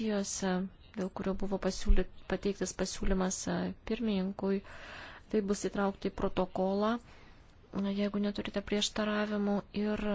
valstijose, dėl kurio buvo pasiūly, pateiktas pasiūlymas e, pirmininkui, tai bus įtraukti į protokolą, jeigu neturite prieštaravimų ir